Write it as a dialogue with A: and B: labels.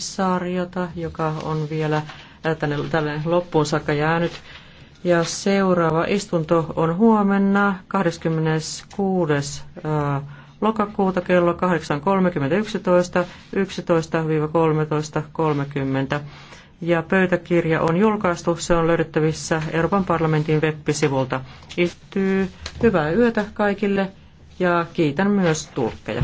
A: sarjota, joka on vielä äh, tänne, tänne loppuun saakka jäänyt. Ja seuraava istunto on huomenna 26. Äh, lokakuuta kello 831 11-13.30. Ja pöytäkirja on julkaistu, se on löydettävissä Euroopan parlamentin web-sivulta. Ittyy hyvää yötä kaikille ja kiitän myös tulkkeja.